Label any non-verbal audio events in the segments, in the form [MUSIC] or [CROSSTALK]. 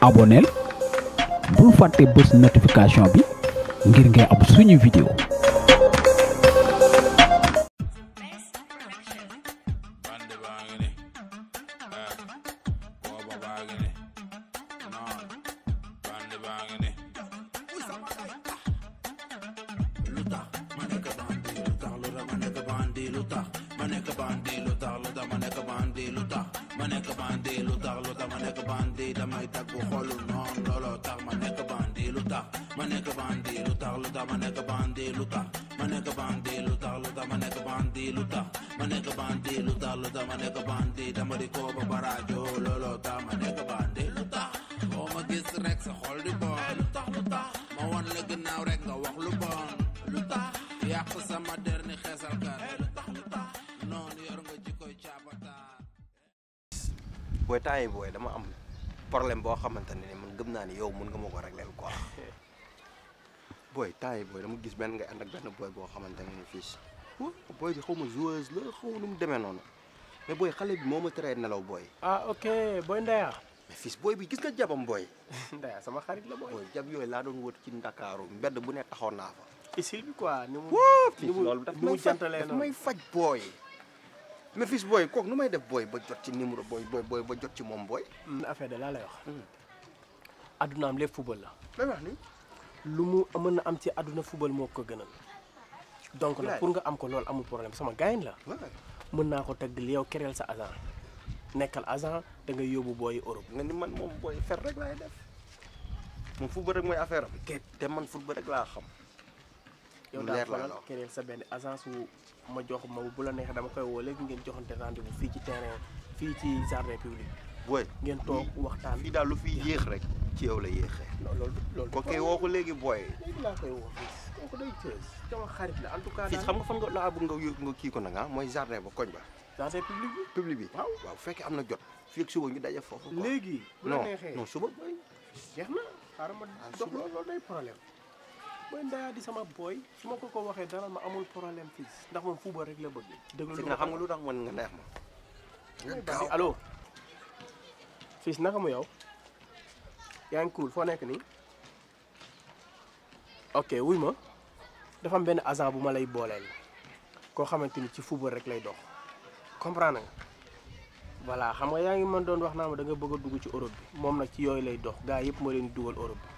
abonnel bu faté bëss notification bi ngir ngay am suñu vidéo lu tax bandi lu tax bandi bandido tax lu tax ma nekk bandi damay tàggu xolu noon looloo tax ma nekk bandi lu tax ma nekk bandi lu tax lu tax ma nekk bandi lu tax ma nekk bandi lu tax lu tax ma nekk bandi lu tax ma nekk bandi lu tax lu tax ma nekk bandi da di ko ba barajo. booy temps yi booy dama am problème boo xamante ne man gëm naa ni yow mun nga ma ko régleel quoi [LAUGHS] booy temps yi booy dama gis benn ngay ànd ak benn booy boo xamante ne fii booy di xaw ma joueuse la xaw demee noonu mais booy xale bi moo ma teree nelaw booy. ah ok booy Ndeya. mais fils booy bi gis nga jabam booy. [LAUGHS] Ndeya sama xarit la booy. booy jab yooyu laa doon wër ci Ndakaaru mbedd bu ne taxoon naa fa. isil bi quoi ni mu. ni mu loolu daf may faj booy. mais booy kook nu may def booy ba jot ci numéro booy booy ba jot ci moom booy. Hmm, affaire de laa lay wax. Hmm. adduna am lépp football la. lay wax lu mu mën na am ci adduna football moo ko gënal. donc nag pour nga am ko loolu amul problème sama gayen la. mën naa ko teg li yow kereel sa agent nekkal agent da ngay yóbbu booy Europe. nga ni man moom booy fer rek laay def moom football rek mooy affaire am. te man football rek laa xam. yow daal la keneen sa benn agence wu ma jox ma bu la neexee dama koy woo léegi ngeen joxante rendez-vous fii ci terrain fii ci jardin public. booy ngeen toog waxtaan. fii daal lu fii yéex rek ci yow la yéexee. loolu loolu ko kay woo ko léegi booy. léegi laa koy woo fii kooku day tëj sama xarit la en nga fan nga nag ah, mooy jardin ba koñ ba. jardin public bi public waaw waaw bu fekkee am na jot. fii ak suba ñu daje foofu. léegi bu la neexee suba. jeex na xaaral ma ah, dox loolu day mooy Ndaya di sama booy su ma ko ko waxee dara ma amul problème fii ndax moom football rek la bëgg. dëgg la xam nga lu tax man nga neex ma. nga allo. fii naka mu yow yaa ngi cool foo nekk nii ok wuy ma dafa am benn agent bu ma lay booleel koo xamante ni ci football rek lay dox comprendre nga. voilà xam nga yaa ngi man doon wax naa ma da nga bëgg a dugg ci Europe bi moom nag ci yooyu lay dox gars yëpp moo leen dugal Europe bi.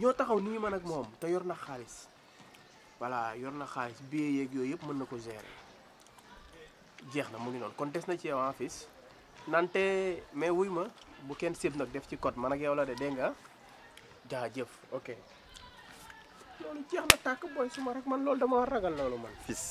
ñoo taxaw ñu man ak mom te yor na xaalis wala yor na xaalis bi yeek yoy yep mën na ko gérer jeex na mu ngi non kon dess na ci yow fils nante mais wuy ma bu kenn sib nak def ci code man ak yow la de dégg ja jaajëf ok lolu jeex na tak boy suma rek man lolu dama ragal lolu man fils.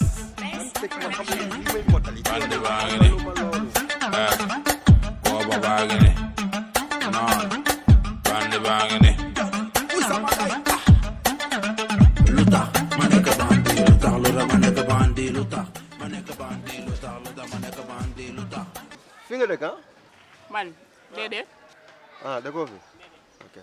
fi nga dëkk ah. man déedéet. ah dëkkoo fi ok.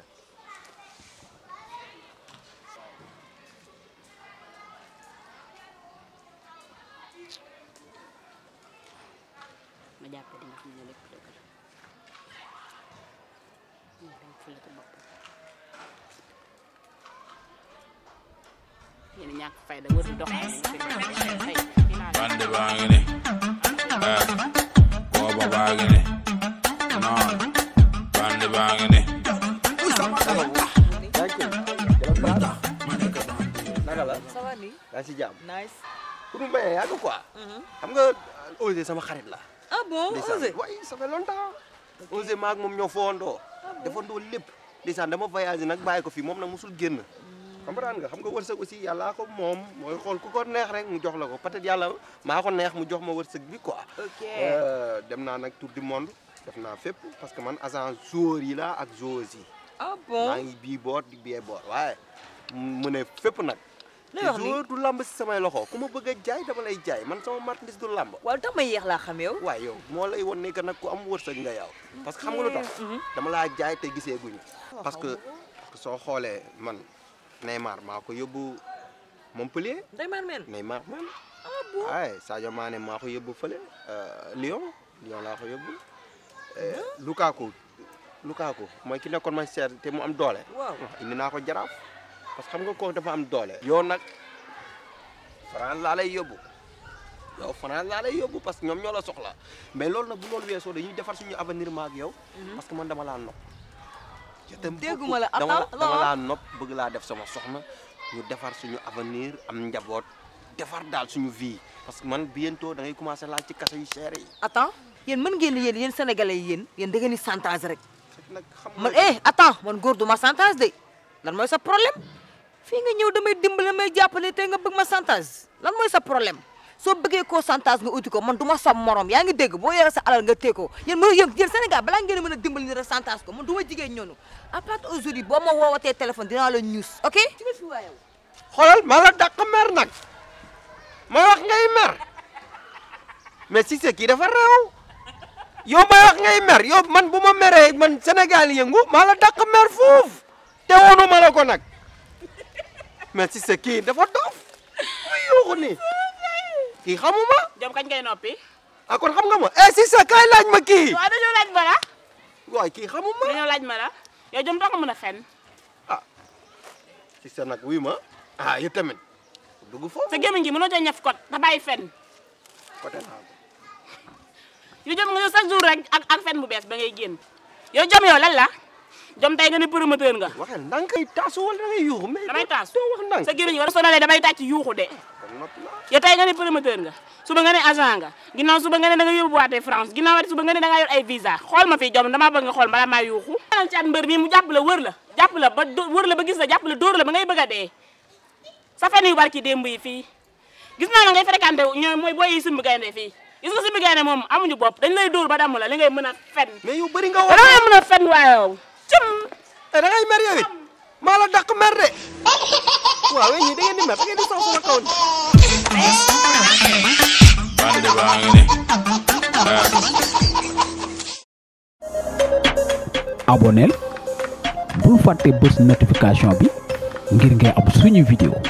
ma jàpp di nga xam ne lépp dëgg la ma bañ fële ko bopp yéen ñàkk fay da war di dox. bande baa ngi baa ngi nii non bandi baa a nga Ousseyn sama xarit la. waaye ça fait longtemps. Ousseyn maa moom ñoo foondoo. defandoo lépp. ndeysaan dama voyagé nag bàyyi ko fii moom nag musul génn. comprendre nga xam nga wërsëg aussi yàllaa ko moom mooy xool ku ko neex rek mu jox la ko peut-être yàlla maa ko neex mu jox ma wërsëg bi ko euh, dem naa nag tour du def naa fépp parce que man agent joueur yi laa ak joueuse yi. ah bon bii boor di bee boor waaye mu ne fépp nag. lay joueur du lamb si samay loxo ku ma bëgg a jaay dama lay jaay man sama marchandise du lamb. waaw tax laa xam yow. waaw yow moo lay wan ne que nag ku am wërsëg nga yaw parce que xam nga lu tax. Mhm. dama laa jaay te gisee guñu. Oh, parce que soo xoolee man. Neymar maa ko yóbbu Montpellier. Neymar Neymar men. ah bon waaye Sadio Mané maa ko yóbbu fële euh, Lyon Lyon laa ko yóbbu. Eh, ah. Lukaku Lukaku mooy ki nekkoon Manchester te mu am doole. waaw ah, indi naa ko jaraaf. parce que xam nga ko dafa am doole. yow nag France laa lay yóbbu yow France laa lay yóbbu parce que ñoom ñoo soxla mais loolu nag bu loolu weesoo ñu defar suñu avenir ma ak yow. Mm-hmm. parce que man dama laa nopp. dégguma la attends dama laa nopp bëgg laa def sama soxna ñu defar su suñu avenir am njaboot defar daal suñu vi parce que man too da ngay commencer laal ci kasa yu cher yi. attends yéen mën ngeen yéen yéen sénégalais yen yéen yéen da ngeen di chantage rek. ma eh attends man góor du ma chantage de lan mooy sa problème fii nga ñëw damay dimbali damay jàppale te nga bëgg ma chantage lan mooy sa problème. soo bëggee pourcentage nga uti ko man du ma sa morom yaa ngi dégg boo yore sa alal nga téye ko yéen mën yéen yéen Sénégal balaa ngeen mën a dimbali ni pourcentage ko man du ma jigéen ñoonu à part aujourd'hui boo ma woowatee téléphone dinaa la ñuus ok ci nga fi waa yow xoolal maa la dàq mer nag ma wax ngay mer mais si c'est kii dafa réew yow ma wax ngay mer yow man bu ma meree man Sénégal yëngu maa la dàq mer foofu te woonu ma la ko nag mais si c'est kii dafa dof muy yuuxu nii kii xamuma. Jom kañ ngay noppi. ah kon xam nga ma eh si sa kaay laaj ma kii. waaw dañoo laaj ma la. waaw kii xamuma. dañoo laaj ma la yow Jom doo ko a fen. ah si sa nag wuy ma ah yow tamit dugg foofu. sa gémmiñ gi mënoo ca ñaf kot ta bàyyi fen. côté Jom nga yow chaque jour rek ak fen bu bees ba ngay génn yow Jom yow lan jom tay nga ne promoteur nga waxal ndang kay tasu wala da ngay yuxu mais damay tasu doo wax ndang sa wala sonalé yuxu dé ya tay nga ne promoteur nga suba nga ne agent nga ginaaw suba nga da nga France ginaaw waatee suba nga ne da nga yor ay eh, visa xool ma fi jom dama bëgg nga xool bala maa yuuxu xanal ci at mbër mi mu jàpp la wër la jàpp la ba wër la ba gis la jàpp la dóor la ba ngay bëgg a sa fan yu barki démb yi gis naa la ngay fréquenté ñooy mooy booy yi simb gaynde gis nga amuñu dañ lay ba la li ngay mais nga wax da da ngay mer yow ya, Malah maa la dàq ini de waaw yéen sama kaw notification bi ngir suñu vidéo